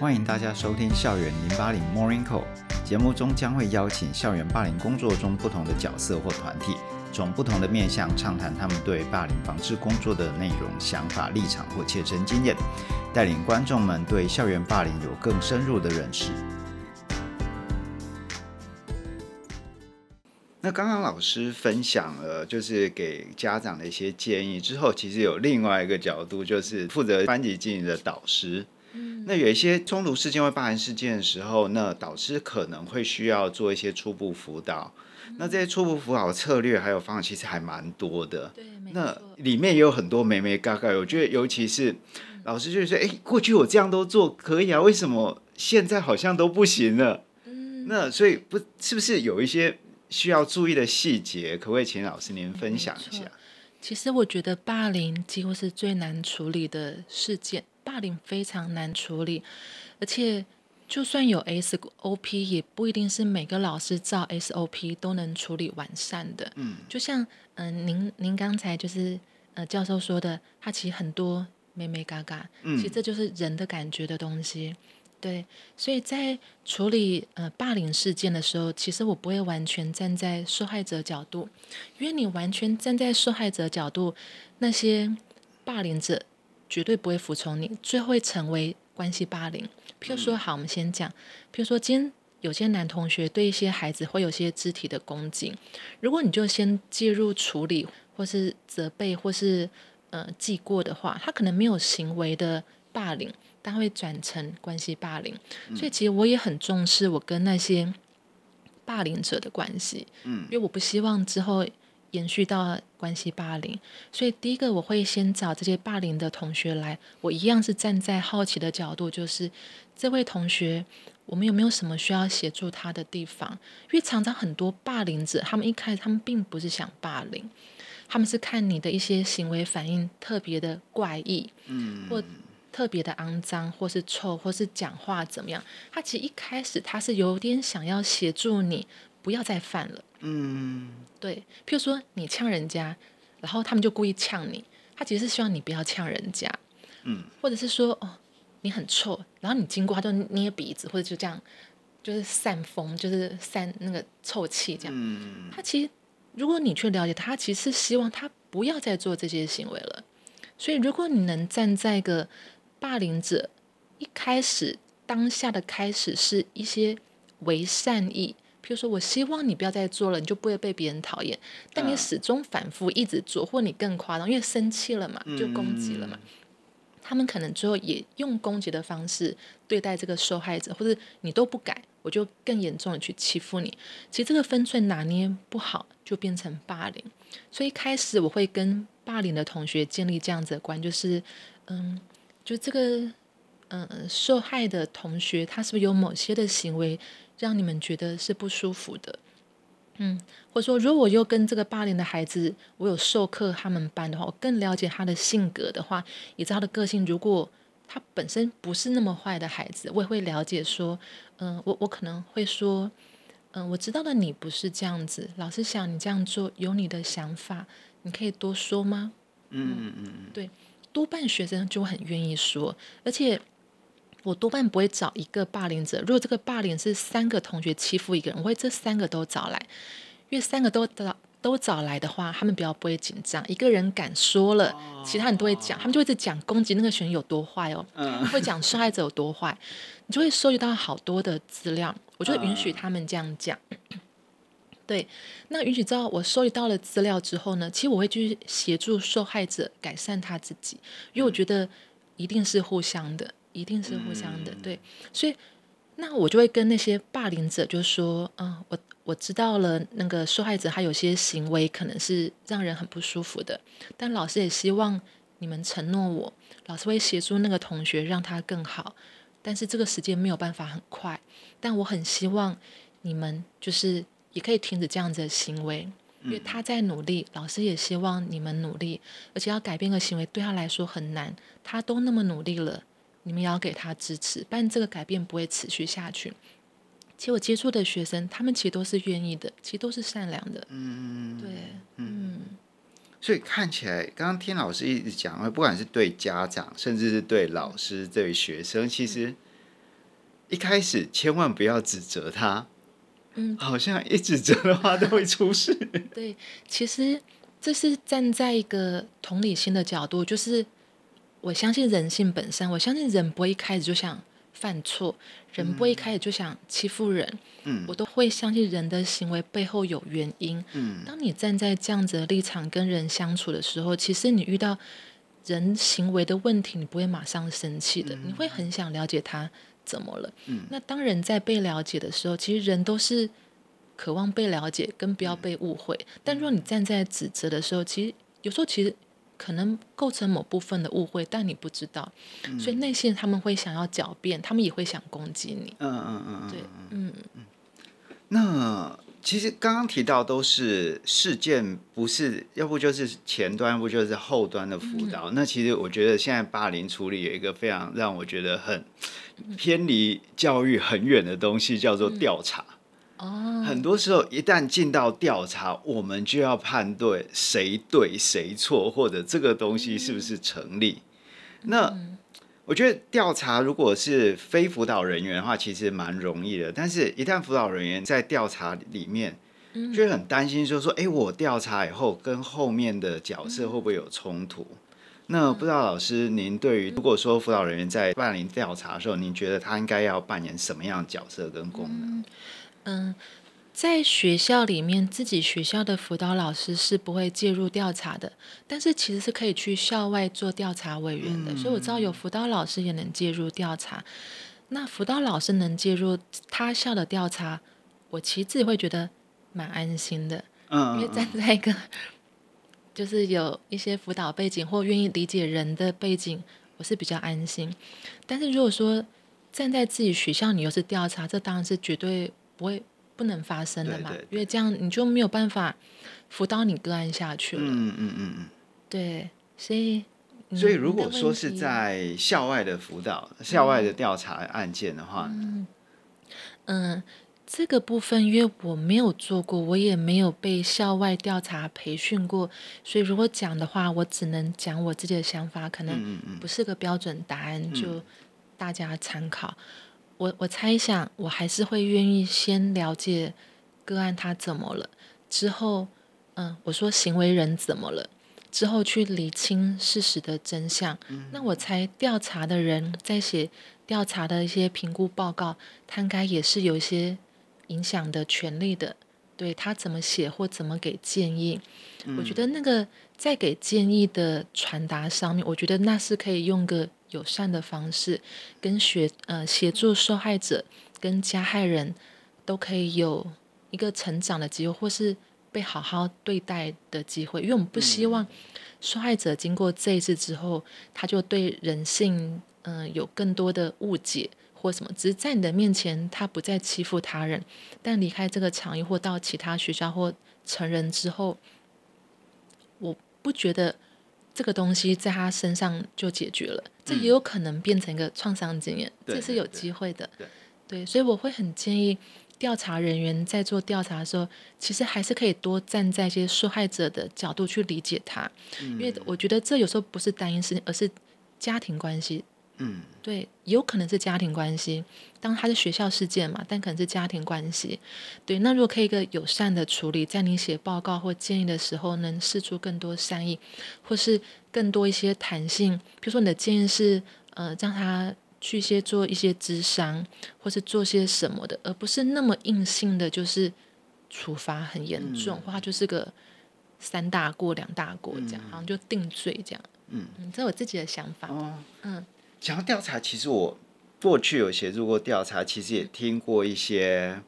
歡迎大家收聽《校園零八零 Morning Call》，節目中將會邀請校園霸凌工作中不同的角色或團體，從不同的面向暢談他們對霸凌防治工作的內容、想法、立場或切身經驗，帶領觀眾們對校園霸凌有更深入的認識。那剛剛老師分享了就是給家長的一些建議之後，其實有另外一個角度，就是負責班級經營的導師。嗯、那有一些衝突事件或霸凌事件的時候，那導師可能會需要做一些初步輔導。嗯、那這些初步輔導策略還有方法，其實還蠻多的。對，那裡面也有很多眉眉角角。我覺得，尤其是老師就是說：“哎、嗯欸，過去我這樣都做可以啊，為什麼現在好像都不行了？”嗯、那所以不是不是有一些需要注意的細節？可不可以請老師您分享一下？其實我覺得霸凌幾乎是最難處理的事件。霸凌非常難處理，而且就算有 SOP，也不一定是每個老師照 SOP 都能處理完善的。嗯，就像嗯、呃、您您剛才就是呃教授說的，他其實很多眉眉角角，其實這就是人的感覺的東西。嗯、對，所以在處理呃霸凌事件的時候，其實我不會完全站在受害者角度，因為你完全站在受害者角度，那些霸凌者。絕對不會服從你，最後會成為關係霸凌。譬如說，嗯、好，我們先講。譬如說，今天有些男同學對一些孩子會有些肢體的攻擊，如果你就先介入處理，或是責備，或是呃記過的話，他可能沒有行為的霸凌，但會轉成關係霸凌。所以，其實我也很重視我跟那些霸凌者的關係，嗯、因為我不希望之後。延續到關係霸凌，所以第一個我會先找這些霸凌的同學來，我一樣是站在好奇的角度，就是這位同學，我們有沒有什麼需要協助他的地方？因為常常很多霸凌者，他們一開始他們並不是想霸凌，他們是看你的一些行為反應特別的怪異，嗯，或特別的骯髒，或是臭，或是講話怎麼樣，他其實一開始他是有點想要協助你。不要再犯了。嗯，對，譬如說你嗆人家，然後他們就故意嗆你，他其實是希望你不要嗆人家。嗯，或者是說哦，你很臭，然後你經過他就捏鼻子，或者就這樣，就是散風，就是散那個臭氣這樣。嗯，他其實如果你去了解他，他其實是希望他不要再做這些行為了。所以如果你能站在一個霸凌者一開始當下的開始是一些為善意。就是說我希望你不要再做了，你就不會被別人討厭。但你始終反覆一直做，或你更誇張，因為生氣了嘛，就攻擊了嘛。嗯、他們可能最後也用攻擊的方式對待這個受害者，或者你都不改，我就更嚴重的去欺負你。其實這個分寸拿捏不好，就變成霸凌。所以一開始我會跟霸凌的同學建立這樣子的觀，就是嗯，就這個嗯受害的同學，他是不是有某些的行為？讓你們覺得是不舒服的，嗯，或者說，如果我又跟這個霸凌的孩子，我有授課他們班的話，我更了解他的性格的話，也知道他的個性。如果他本身不是那麼壞的孩子，我也會了解說，嗯、呃，我我可能會說，嗯、呃，我知道的你不是這樣子，老師想你這樣做，有你的想法，你可以多說嗎？嗯嗯嗯，對，多半學生就很願意說，而且。我多半不會找一個霸凌者。如果這個霸凌是三個同學欺負一個人，我會這三個都找來，因為三個都找都找來的話，他們比較不會緊張。一個人敢說了，其他人都會講，啊、他們就會在講攻擊那個學生有多壞哦，嗯、會講受害者有多壞，你就會收集到好多的資料。我就會允許他們這樣講、嗯嗯。對，那允許之後，我收集到了資料之後呢，其實我會去協助受害者改善他自己，因為我覺得一定是互相的。一定是互相的，嗯、對，所以那我就會跟那些霸凌者就說：“嗯，我我知道了，那個受害者他有些行為可能是讓人很不舒服的，但老師也希望你們承諾我，老師會協助那個同學讓他更好。但是這個時間沒有辦法很快，但我很希望你們就是也可以停止這樣子的行為，因為他在努力，老師也希望你們努力，而且要改變個行為對他來說很難，他都那麼努力了。”你們也要給他支持，但這個改變不會持續下去。其實我接觸的學生，他們其實都是願意的，其實都是善良的。嗯，對，嗯，所以看起來，剛剛聽老師一直講，不管是對家長，甚至是對老師，對學生，其實一開始千萬不要指責他。嗯，好像一指責的話都會出事。 對，其實這是站在一個同理心的角度，就是。我相信人性本善，我相信人不會一開始就想犯錯，人不會一開始就想欺負人。嗯，我都會相信人的行為背後有原因。嗯，當你站在這樣子的立場跟人相處的時候，其實你遇到人行為的問題，你不會馬上生氣的，嗯、你會很想了解他怎麼了。嗯，那當人在被了解的時候，其實人都是渴望被了解跟不要被誤會。嗯、但若你站在指責的時候，其實有時候其實。可能構成某部分的誤會，但你不知道，嗯、所以那些人他們會想要狡辯，他們也會想攻擊你。嗯嗯嗯嗯，對，嗯嗯。那其實剛剛提到都是事件，不是要不就是前端，要不就是後端的輔導。嗯、那其實我覺得現在霸凌處理有一個非常讓我覺得很偏離教育很遠的東西，嗯、叫做調查。很多時候，一旦進到調查，我們就要判斷誰對誰錯，或者這個東西是不是成立。嗯、那、嗯、我覺得調查如果是非輔導人員的話，其實蠻容易的。但是，一旦輔導人員在調查裡面，就很擔心，就說，哎、欸，我調查以後跟後面的角色會不會有衝突？嗯、那不知道老師您對於如果說輔導人員在辦理調查的時候，您覺得他應該要扮演什麼樣的角色跟功能？嗯嗯，在學校裡面，自己學校的輔導老師是不會介入調查的，但是其實是可以去校外做調查委員的。所以我知道有輔導老師也能介入調查。嗯、那輔導老師能介入他校的調查，我其實自己會覺得蠻安心的，嗯、因為站在一個、嗯、就是有一些輔導背景或願意理解人的背景，我是比較安心。但是如果說站在自己學校，你又是調查，這當然是絕對。不會不能發生的嘛？對對對，因為這樣你就沒有辦法輔導你個案下去了。嗯嗯嗯嗯，嗯嗯對，所以所以如果說是在校外的輔導、嗯、校外的調查案件的話嗯嗯，嗯，這個部分因為我沒有做過，我也沒有被校外調查培訓過，所以如果講的話，我只能講我自己的想法，可能不是個標準答案，嗯嗯、就大家參考。我我猜想，我還是會願意先了解個案他怎麼了，之後，嗯，我說行為人怎麼了，之後去理清事實的真相。嗯、那我猜調查的人在寫調查的一些評估報告，他應該也是有一些影響的權利的，對他怎麼寫或怎麼給建議。嗯、我覺得那個在給建議的傳達上面，我覺得那是可以用個。友善的方式，跟學，呃協助受害者跟加害人，都可以有一個成長的機會，或是被好好對待的機會。因為我們不希望受害者經過這一次之後，他就對人性嗯、呃、有更多的誤解或什麼。只是在你的面前，他不再欺負他人，但離開這個場域或到其他學校或成人之後，我不覺得，這個東西在他身上就解決了，這也有可能變成一個創傷經驗，嗯、這是有機會的。對，對，對，對，所以我會很建議調查人員在做調查的時候，其實還是可以多站在一些受害者的角度去理解他，嗯、因為我覺得這有時候不是單一事情，而是家庭關係。嗯，對，有可能是家庭關係，當他是學校事件嘛，但可能是家庭關係。對，那如果可以一個友善的處理，在你寫報告或建議的時候，能釋出更多善意，或是更多一些彈性。比如說你的建議是，呃，讓他去一些做一些諮商，或是做些什麼的，而不是那麼硬性的，就是處罰很嚴重，嗯、或他就是個三大過兩大過這樣，嗯、好像就定罪這樣。嗯，嗯，這是我自己的想法。哦、嗯。想要調查，其實我過去有協助過調查，其實也聽過一些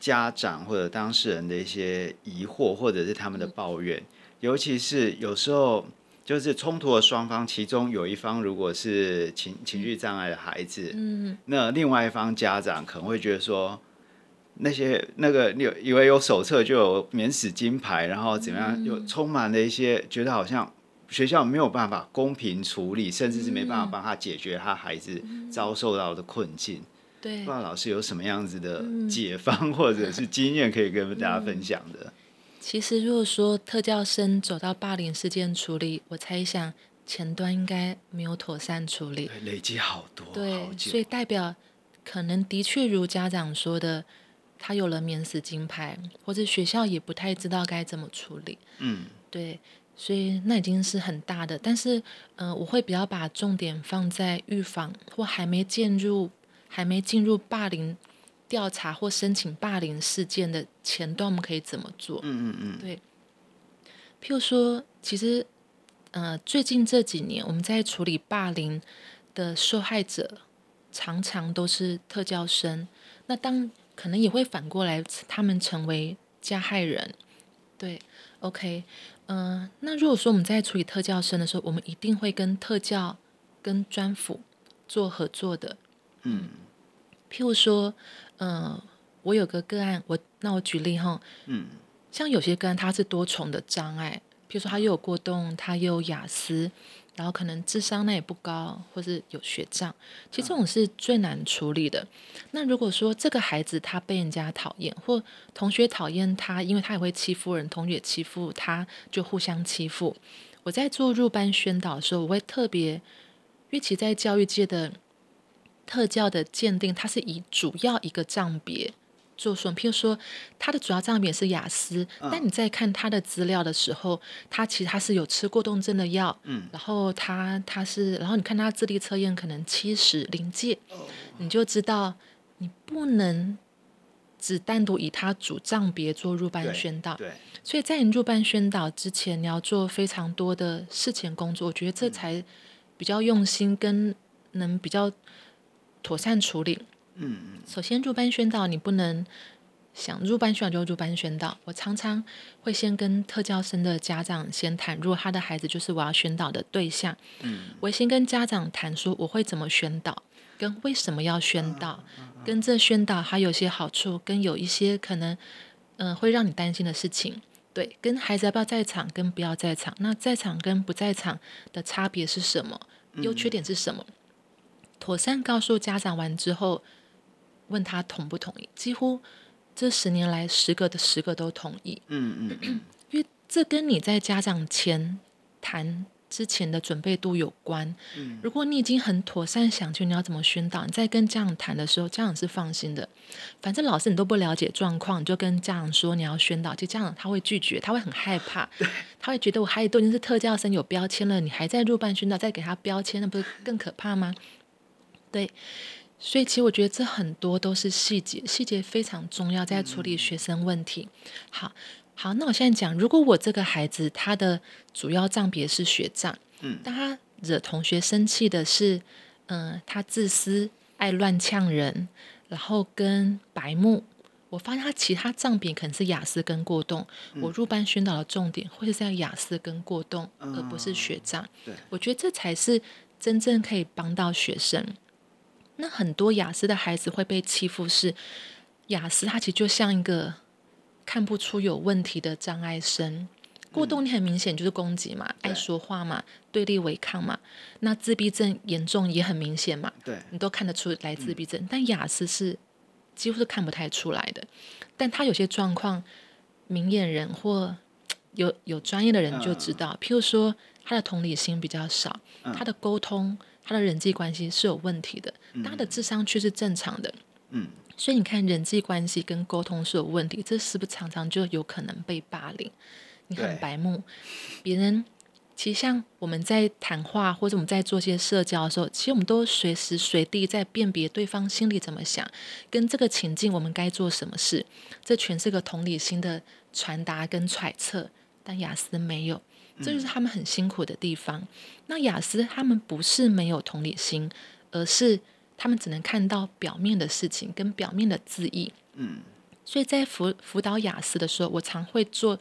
家長或者當事人的一些疑惑，或者是他們的抱怨。嗯，尤其是有時候，就是衝突的雙方，其中有一方如果是情情緒障礙的孩子，嗯，那另外一方家長可能會覺得說，那些那個你有以為有手冊就有免死金牌，然後怎麼樣，又充滿了一些覺得好像。嗯學校沒有辦法公平處理，甚至是沒辦法幫他解決他孩子、嗯、遭受到的困境。對，不知道老師有什麼樣子的解方，嗯、或者是經驗可以跟大家分享的、嗯。其實如果說特教生走到霸凌事件處理，我猜想前端應該沒有妥善處理，對，累積好多。對，好久。所以代表可能的確如家長說的，他有了免死金牌，或者學校也不太知道該怎麼處理。嗯，對。所以那已經是很大的，但是，嗯、呃，我會比較把重點放在預防或還沒進入、還沒進入霸凌調查或申請霸凌事件的前端。我們可以怎麼做？嗯嗯嗯。對，譬如說，其實，呃，最近這幾年我們在處理霸凌的受害者，常常都是特教生，那當可能也會反過來，他們成為加害人。對，OK。嗯、呃，那如果說我們在處理特教生的時候，我們一定會跟特教、跟專輔做合作的。嗯，譬如說，嗯、呃，我有個個案，我那我舉例哈，嗯，像有些個案他是多重的障礙，譬如說他又有過動，他又有亞斯。然後可能智商那也不高，或是有學障，其實這種是最難處理的。啊、那如果說這個孩子他被人家討厭，或同學討厭他，因為他也會欺負人，同學也欺負他，就互相欺負。我在做入班宣導的時候，我會特別，尤其在教育界的特教的鑑定，它是以主要一個障別。做說，譬如說他的主要障別是亞斯，嗯、但你在看他的資料的時候，他其實他是有吃過動症的藥，嗯、然後他他是，然後你看他智力測驗可能七十臨界，哦、你就知道你不能只單獨以他主障別做入班宣導，對，對，所以在你入班宣導之前，你要做非常多的事前工作，我覺得這才比較用心，跟能比較妥善處理。嗯嗯，首先入班宣導，你不能想入班宣導就入班宣導。我常常會先跟特教生的家長先談，如果他的孩子就是我要宣導的對象。嗯，我先跟家長談說我會怎麼宣導，跟為什麼要宣導，跟這宣導還有些好處，跟有一些可能嗯、呃、會讓你擔心的事情。對，跟孩子要不要在場，跟不要在場，那在場跟不在場的差別是什麼？優缺點是什麼？嗯、妥善告訴家長完之後。問他同不同意？幾乎這十年來，十個的十個都同意。嗯嗯，嗯嗯，因為這跟你在家長前談之前的準備度有關。嗯，如果你已經很妥善想去，你要怎麼宣導，你在跟家長談的時候，家長是放心的。反正老師你都不了解狀況，你就跟家長說你要宣導，就家長他會拒絕，他會很害怕。對他會覺得我孩子都已經是特教生有標籤了，你還在入班宣導，再給他標籤，那不是更可怕嗎？對。所以，其實我覺得這很多都是細節，細節非常重要在處理學生問題。嗯嗯好，好，那我現在講，如果我這個孩子他的主要障別是學障，嗯，但他惹同學生氣的是，嗯、呃，他自私，愛亂嗆人，然後跟白目，我發現他其他障別可能是亞斯跟過動，嗯，我入班宣導的重點會是在亞斯跟過動，而不是學障。嗯。對，我覺得這才是真正可以幫到學生。那很多亞斯的孩子會被欺負，是亞斯他其實就像一個看不出有問題的障礙生，過動你很明顯就是攻擊嘛，嗯、愛說話嘛，對，對立違抗嘛。那自閉症嚴重也很明顯嘛，對，你都看得出來自閉症。嗯、但亞斯是幾乎是看不太出來的，但他有些狀況，明眼人或有有專業的人就知道，嗯、譬如說他的同理心比較少，嗯、他的溝通。他的人際關係是有問題的，他的智商卻是正常的。嗯，所以你看，人際關係跟溝通是有問題，這是不是常常就有可能被霸凌？你很白目。對別人其實像我們在談話或者我們在做些社交的時候，其實我們都隨時隨地在辨別對方心裡怎麼想，跟這個情境我們該做什麼事，這全是個同理心的傳達跟揣測。但亞斯沒有。這就是他們很辛苦的地方。那亞斯他們不是沒有同理心，而是他們只能看到表面的事情跟表面的字義。嗯，所以在輔輔導亞斯的時候，我常會做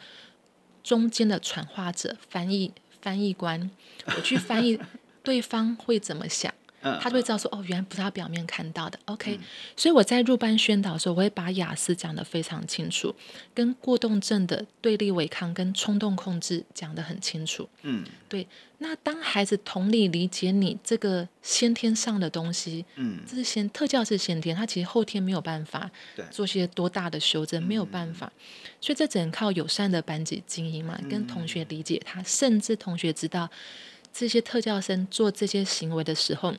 中間的傳話者、翻譯翻譯官，我去翻譯對方會怎麼想。 他就會知道說，哦，原來不是他表面看到的。OK，嗯，所以我在入班宣導的時候，我會把亞斯講得非常清楚，跟過動症的對立違抗跟衝動控制講得很清楚。嗯，對。那當孩子同理理解你這個先天上的東西，嗯，這是先特教是先天，他其實後天沒有辦法做些多大的修正，對沒有辦法。所以這只能靠友善的班級經營嘛，跟同學理解他，甚至同學知道這些特教生做這些行為的時候。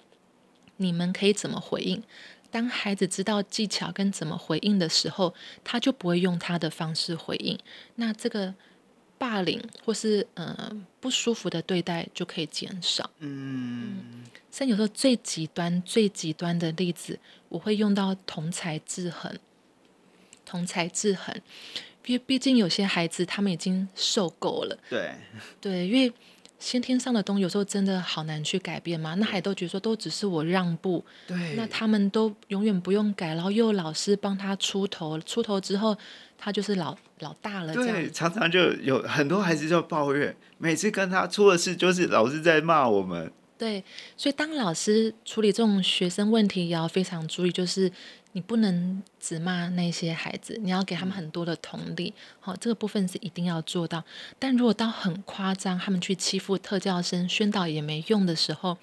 你們可以怎麼回應？當孩子知道技巧跟怎麼回應的時候，他就不會用他的方式回應。那這個霸凌或是嗯、呃、不舒服的對待就可以減少。嗯，像、嗯、有時候最極端、最極端的例子，我會用到同儕制衡，同儕制衡，因為畢竟有些孩子他們已經受夠了。對對，因為。先天上的東西有時候真的好難去改變嘛？那海都覺得說都只是我讓步，對，那他們都永遠不用改，然後又有老師幫他出頭，出頭之後他就是老老大了。對，常常就有很多孩子就抱怨，每次跟他出了事，就是老師在罵我們。對，所以當老師處理這種學生問題，也要非常注意，就是。你不能只罵那些孩子，你要給他們很多的同理。好、哦，這個部分是一定要做到。但如果到很誇張，他們去欺負特教生，宣導也沒用的時候，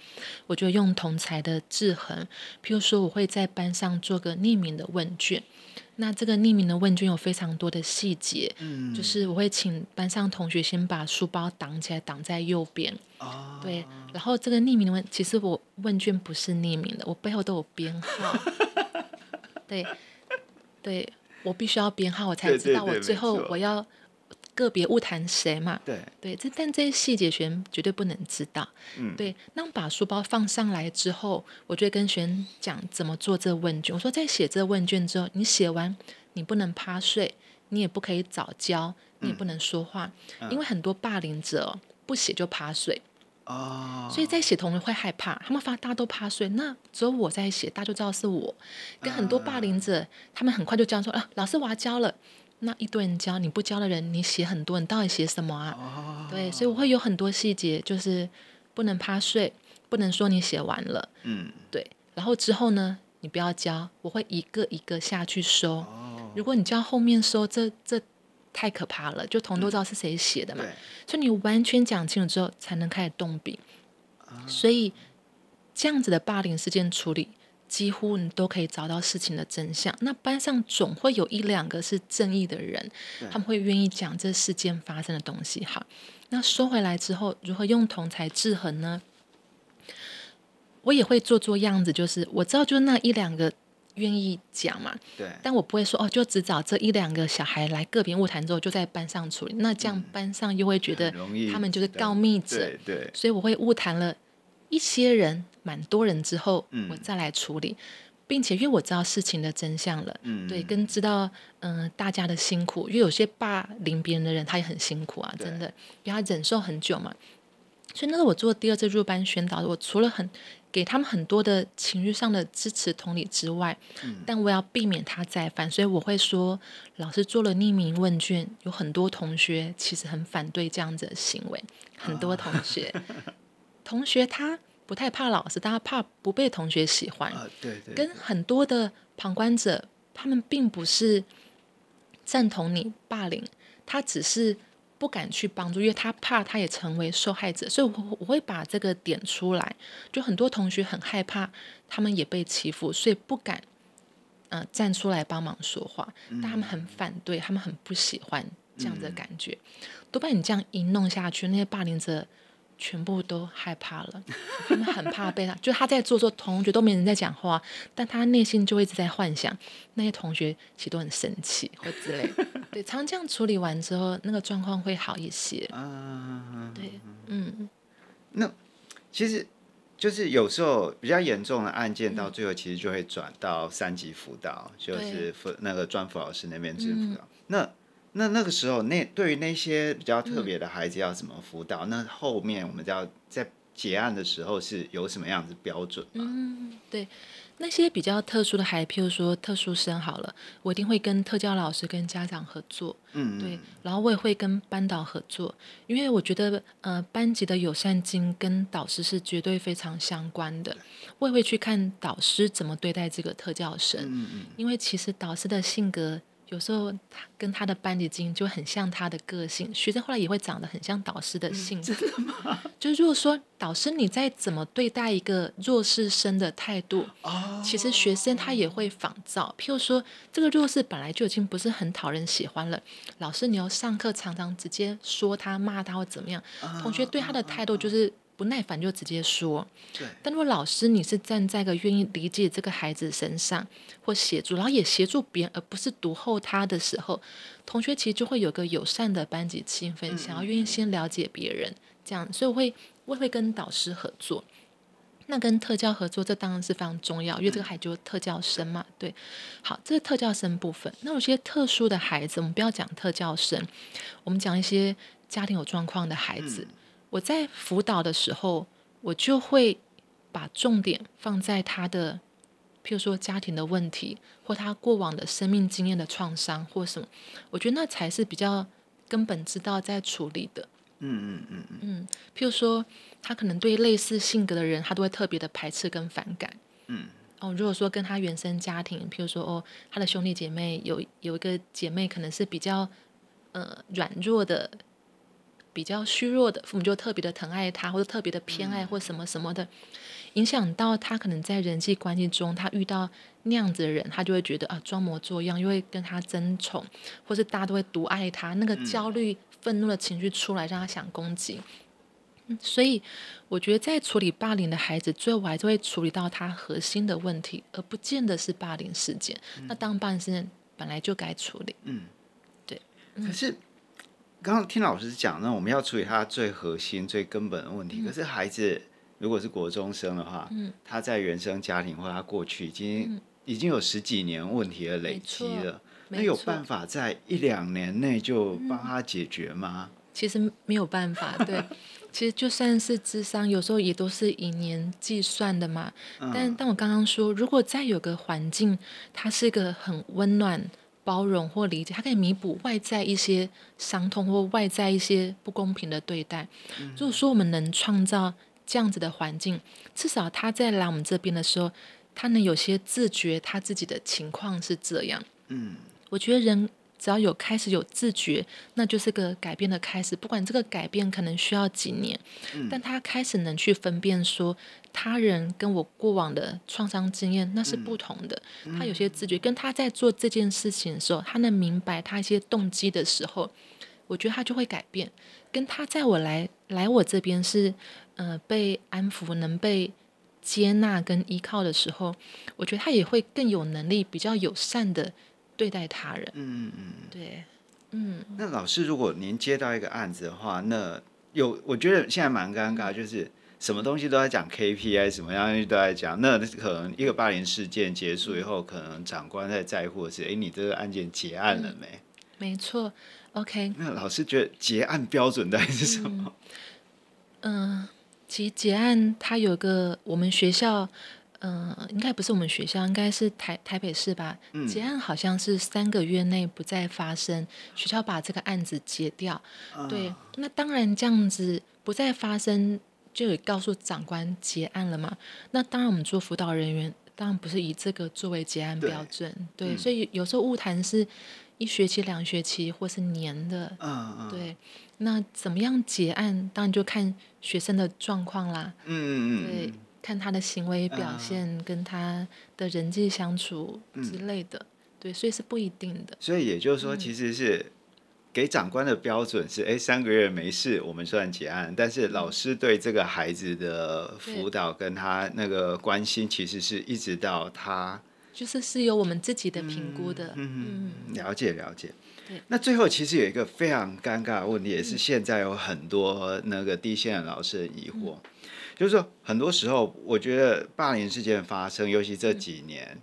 我就用同儕的制衡。譬如說，我會在班上做個匿名的問卷。那這個匿名的問卷有非常多的細節，嗯、就是我會請班上同學先把書包擋起來，擋在右邊。啊、對，然後這個匿名的問，其實我問卷不是匿名的，我背後都有編號。 對，對我必須要編號，我才知道我最後我要個別晤談誰嘛。對這，但這些細節學生絕對不能知道。嗯、對。那把書包放上來之後，我就會跟學生講怎麼做這問卷。我說在寫這問卷之後，你寫完你不能趴睡，你也不可以早交，你也不能說話，嗯嗯、因為很多霸凌者不寫就趴睡。哦，oh, 所以在寫同學會害怕，他們發，大家都趴睡，那只有我在寫，大家就知道是我。跟很多霸凌者，uh, 他們很快就叫說啊，老師我交了，那一堆人交，你不交的人，你寫很多，你到底寫什麼啊？Oh, 對，所以我會有很多細節，就是不能趴睡，不能說你寫完了，嗯，um, 對。然後之後呢，你不要交，我會一個一個下去收。Oh, 如果你叫後面收，這這。太可怕了，就同都知道是誰寫的嘛，嗯、所以你完全講清楚之後，才能開始動筆。啊、所以這樣子的霸凌事件處理，幾乎你都可以找到事情的真相。那班上總會有一兩個是正義的人，他們會願意講這事件發生的東西。好，那說回來之後，如何用同儕制衡呢？我也會做做樣子，就是我知道就那一兩個。願意講嘛？對但我不會說哦，就只找這一兩個小孩來個別晤談之後，就在班上處理。那這樣班上又會覺得他們就是告密者。嗯、所以我會晤談了一些人，蠻多人之後，我再來處理，嗯、並且因為我知道事情的真相了，嗯、對，跟知道嗯、呃、大家的辛苦，因為有些霸凌別人的人他也很辛苦啊，真的要對忍受很久嘛。所以那個我做第二次入班宣導，我除了很。給他們很多的情緒上的支持、同理之外，嗯、但我要避免他再犯，所以我會說，老師做了匿名問卷，有很多同學其實很反對這樣子的行為，很多同學，啊、同學他不太怕老師，但他怕不被同學喜歡，啊、對，對對，跟很多的旁觀者，他們並不是贊同你霸凌，他只是。不敢去幫助，因為他怕他也成為受害者，所以我，我我會把這個點出來。就很多同學很害怕，他們也被欺負，所以不敢，嗯、呃，站出來幫忙說話。但他們很反對，他們很不喜歡這樣子的感覺。嗯、都把你這樣一弄下去，那些霸凌者。全部都害怕了，他們很怕被他。 就他在做做，同學都沒人在講話，但他內心就一直在幻想，那些同學其實都很生氣或之類的。對，常這樣處理完之後，那個狀況會好一些。嗯，對，嗯。那其實就是有時候比較嚴重的案件，到最後其實就會轉到三級輔導，嗯、就是輔那個專輔老師那邊去輔導。嗯、那那那個時候，那對於那些比較特別的孩子要怎麼輔導？嗯、那後面我們就要在結案的時候是有什麼樣子標準嗎？嗯，對，那些比較特殊的孩子，譬如說特殊生，好了，我一定會跟特教老師跟家長合作。嗯嗯。對，然後我也會跟班導合作，因為我覺得呃班級的友善金跟導師是絕對非常相關的，對我也會去看導師怎麼對待這個特教生。嗯嗯。因為其實導師的性格。有時候他跟他的班級經營就很像他的個性，學生後來也會長得很像導師的性質。格、嗯，真的嗎？就是如果說導師你再怎麼對待一個弱勢生的態度，其實學生他也會仿照。譬、oh. 如說這個弱勢本來就已經不是很討人喜歡了，老師你要上課常常直接說他罵他或怎麼樣，同學對他的態度就是。不耐煩就直接說。對。但如果老師你是站在一個願意理解這個孩子身上，或協助，然後也協助別人，而不是獨厚他的時候，同學其實就會有個友善的班級氣氛，嗯、想要願意先了解別人，這樣。所以我會我會跟導師合作。那跟特教合作，這當然是非常重要，因為這個孩子就是特教生嘛。對。好，這是特教生部分。那有些特殊的孩子，我們不要講特教生，我們講一些家庭有狀況的孩子。嗯我在輔導的時候，我就會把重點放在他的，譬如說家庭的問題，或他過往的生命經驗的創傷，或什麼。我覺得那才是比較根本之道，在處理的。嗯嗯嗯嗯。嗯，嗯，嗯，譬如說他可能對類似性格的人，他都會特別的排斥跟反感。嗯。哦，如果說跟他原生家庭，譬如說哦，他的兄弟姐妹有有一個姐妹可能是比較呃軟弱的。比較虛弱的，父母就特別的疼愛他，或者特別的偏愛，或者什麼什麼的，嗯、影響到他可能在人際關係中，他遇到那樣子的人，他就會覺得啊，呃、裝模作樣，又會跟他爭寵，或是大家都會獨愛他，那個焦慮、憤怒的情緒出來，讓他想攻擊。嗯、所以我覺得在處理霸凌的孩子，最後我還是會處理到他核心的問題，而不見得是霸凌事件。嗯、那當霸凌事件本來就該處理。嗯，對。嗯、可是。剛剛聽老師講，那我們要處理他最核心、最根本的問題。嗯、可是孩子如果是國中生的話，嗯、他在原生家庭或者他過去已經、嗯、已經有十幾年問題的累積了，沒沒那有辦法在一兩年內就幫他解決嗎？嗯嗯、其實沒有辦法，對， 其實就算是諮商，有時候也都是以年計算的嘛。嗯、但但我剛剛說，如果再有個環境，它是一個很溫暖。包容或理解，他可以彌補外在一些傷痛或外在一些不公平的對待。如果說我們能創造這樣子的環境，至少他在來我們這邊的時候，他能有些自覺，他自己的情況是這樣。嗯，我覺得人。只要有開始有自覺，那就是個改變的開始。不管這個改變可能需要幾年，但他開始能去分辨說他人跟我過往的創傷經驗那是不同的。他有些自覺，跟他在做這件事情的時候，他能明白他一些動機的時候，我覺得他就會改變。跟他在我來來我這邊是，呃，被安撫、能被接納跟依靠的時候，我覺得他也會更有能力，比較友善的。對待他人，嗯嗯嗯，對，嗯。那老師，如果您接到一個案子的話，那有我覺得現在蠻尷尬，就是什麼東西都在講 KPI，什麼樣東西都在講。那可能一個霸凌事件結束以後，可能長官在在乎的是：哎、欸，你這個案件結案了沒？嗯、沒錯，OK。那老師覺得結案標準的還是什麼？嗯，其實、呃、結案他有個我們學校。嗯、呃，應該不是我們學校，應該是台台北市吧。嗯、結案好像是三個月內不再發生，學校把這個案子結掉。啊、對，那當然這樣子不再發生，就也告訴長官結案了嘛。那當然，我們做輔導人員當然不是以這個作為結案標準。對，對，嗯、所以有時候晤談是一學期、兩學期或是年的。嗯、啊、對，那怎麼樣結案？當然就看學生的狀況啦。嗯嗯嗯。對。看他的行為表現，呃、跟他的人際相處之類的，嗯、對，所以是不一定的。所以也就是說，其實是給長官的標準是：哎、嗯欸，三個月沒事，我們算結案。但是老師對這個孩子的輔導跟他那個關心，其實是一直到他對、嗯、就是是由我們自己的評估的嗯嗯。嗯，了解了解。對，那最後其實有一個非常尷尬的問題，也、嗯、是現在有很多那個地線的老師的疑惑。嗯就是說很多時候，我覺得霸凌事件發生，尤其這幾年，嗯、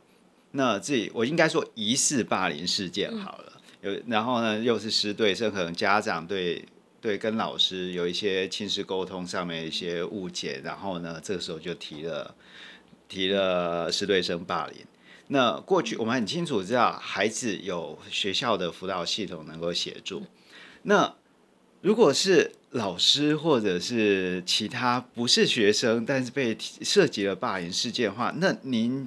那自己我應該說疑似霸凌事件好了。嗯、有然後呢，又是師對生，可能家長對對跟老師有一些親師溝通上面一些誤解，然後呢，這個時候就提了提了師對生霸凌。那過去我們很清楚知道，孩子有學校的輔導系統能夠協助。那如果是老師或者是其他不是學生，但是被涉及了霸凌事件的話，那您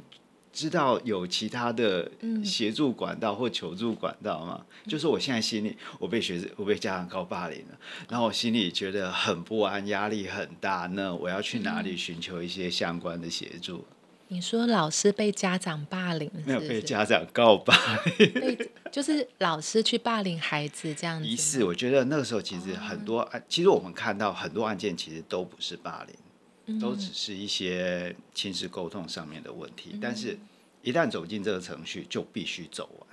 知道有其他的協助管道或求助管道嗎？嗯、就是我現在心裡，我被學生，我被家長告霸凌了，然後我心裡覺得很不安，壓力很大。那我要去哪裡尋求一些相關的協助？你說老師被家長霸凌是不是？沒有被家長告白 就是老師去霸凌孩子這樣子。一是我覺得那時候其實很多，哦、其實我們看到很多案件其實都不是霸凌，嗯、都只是一些親子溝通上面的問題。嗯、但是一旦走進這個程序，就必須走完。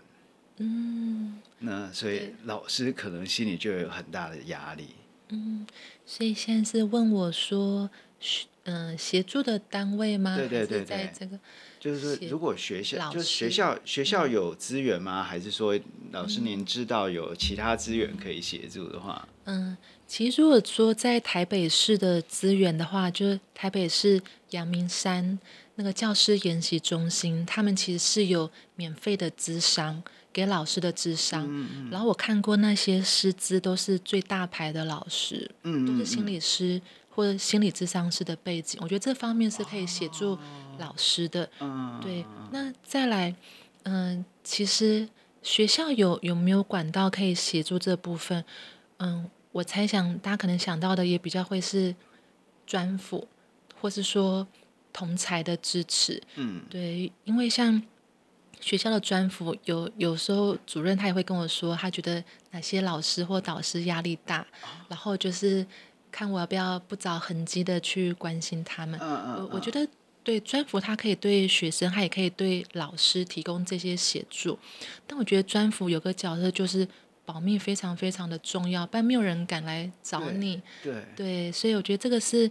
嗯，那所以老師可能心裡就有很大的壓力。嗯，所以現在是問我說。嗯，協助的單位嗎？對對對對，在這個就是如果學校就是學校，學校有資源嗎？嗯、還是說，老師您知道有其他資源可以協助的話？嗯，其實如果說在台北市的資源的話，就是台北市陽明山那個教師研習中心，他們其實是有免費的諮商給老師的諮商。嗯,嗯，然後我看過那些師資都是最大牌的老師，嗯,嗯,嗯，都是心理師。或者心理諮商師的背景，我覺得這方面是可以協助老師的，啊、對。啊、那再來，嗯、呃，其實學校有有沒有管道，可以協助這部分？嗯，我猜想大家可能想到的也比較會是專輔，或是說同才的支持，嗯、對。因為像學校的專輔，有有時候主任他也會跟我說，他覺得哪些老師或導師壓力大，啊、然後就是。看我要不要不着痕跡的去關心他們。我覺得對專輔他可以對學生，他也可以對老師提供這些協助。但我覺得專輔有個角色就是保密非常非常的重要，不然沒有人敢來找你。對對，對，所以我覺得這個是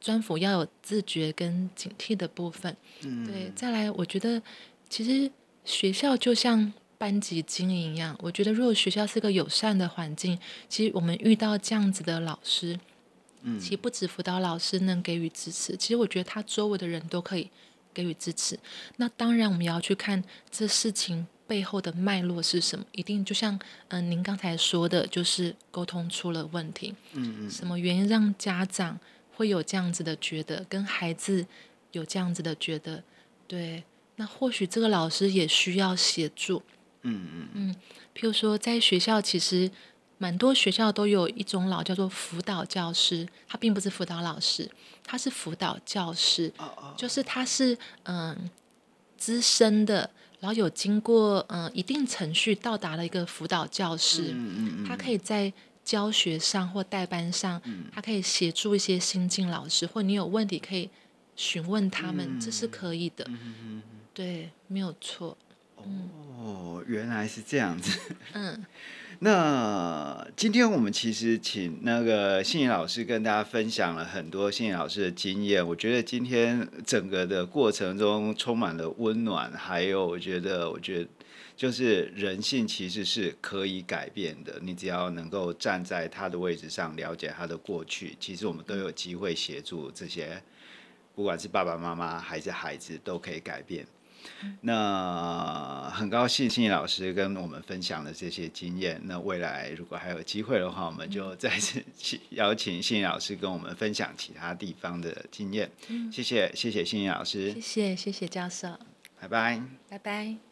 專輔要有自覺跟警惕的部分。嗯，對。再來，我覺得其實學校就像。班級經營一樣，我覺得如果學校是個友善的環境，其實我們遇到這樣子的老師，嗯，其實不止輔導老師能給予支持，其實我覺得他周圍的人都可以給予支持。那當然，我們要去看這事情背後的脈絡是什麼，一定就像嗯，呃，您剛才說的，就是溝通出了問題，嗯嗯，什麼原因讓家長會有這樣子的覺得，跟孩子有這樣子的覺得，對，那或許這個老師也需要協助。嗯嗯嗯，譬如說，在學校其實蠻多學校都有一種老叫做輔導教師，他並不是輔導老師，他是輔導教師。就是他是嗯、呃、資深的，然後有經過嗯、呃、一定程序，到達了一個輔導教師。他可以在教學上或帶班上，他可以協助一些新進老師，或你有問題可以詢問他們，這是可以的。對，沒有錯。哦，原來是這樣子。嗯， 那今天我們其實請那個幸怡老師跟大家分享了很多幸怡老師的經驗。我覺得今天整個的過程中充滿了溫暖，還有我覺得，我覺得就是人性其實是可以改變的。你只要能夠站在他的位置上，了解他的過去，其實我們都有機會協助這些，不管是爸爸媽媽還是孩子，都可以改變。 那很高興幸怡老師跟我們分享了這些經驗。那未來如果還有機會的話，我們就再次邀請幸怡老師跟我們分享其他地方的經驗。嗯、謝謝謝謝幸怡老師，謝謝謝謝教授，拜拜拜拜。Bye bye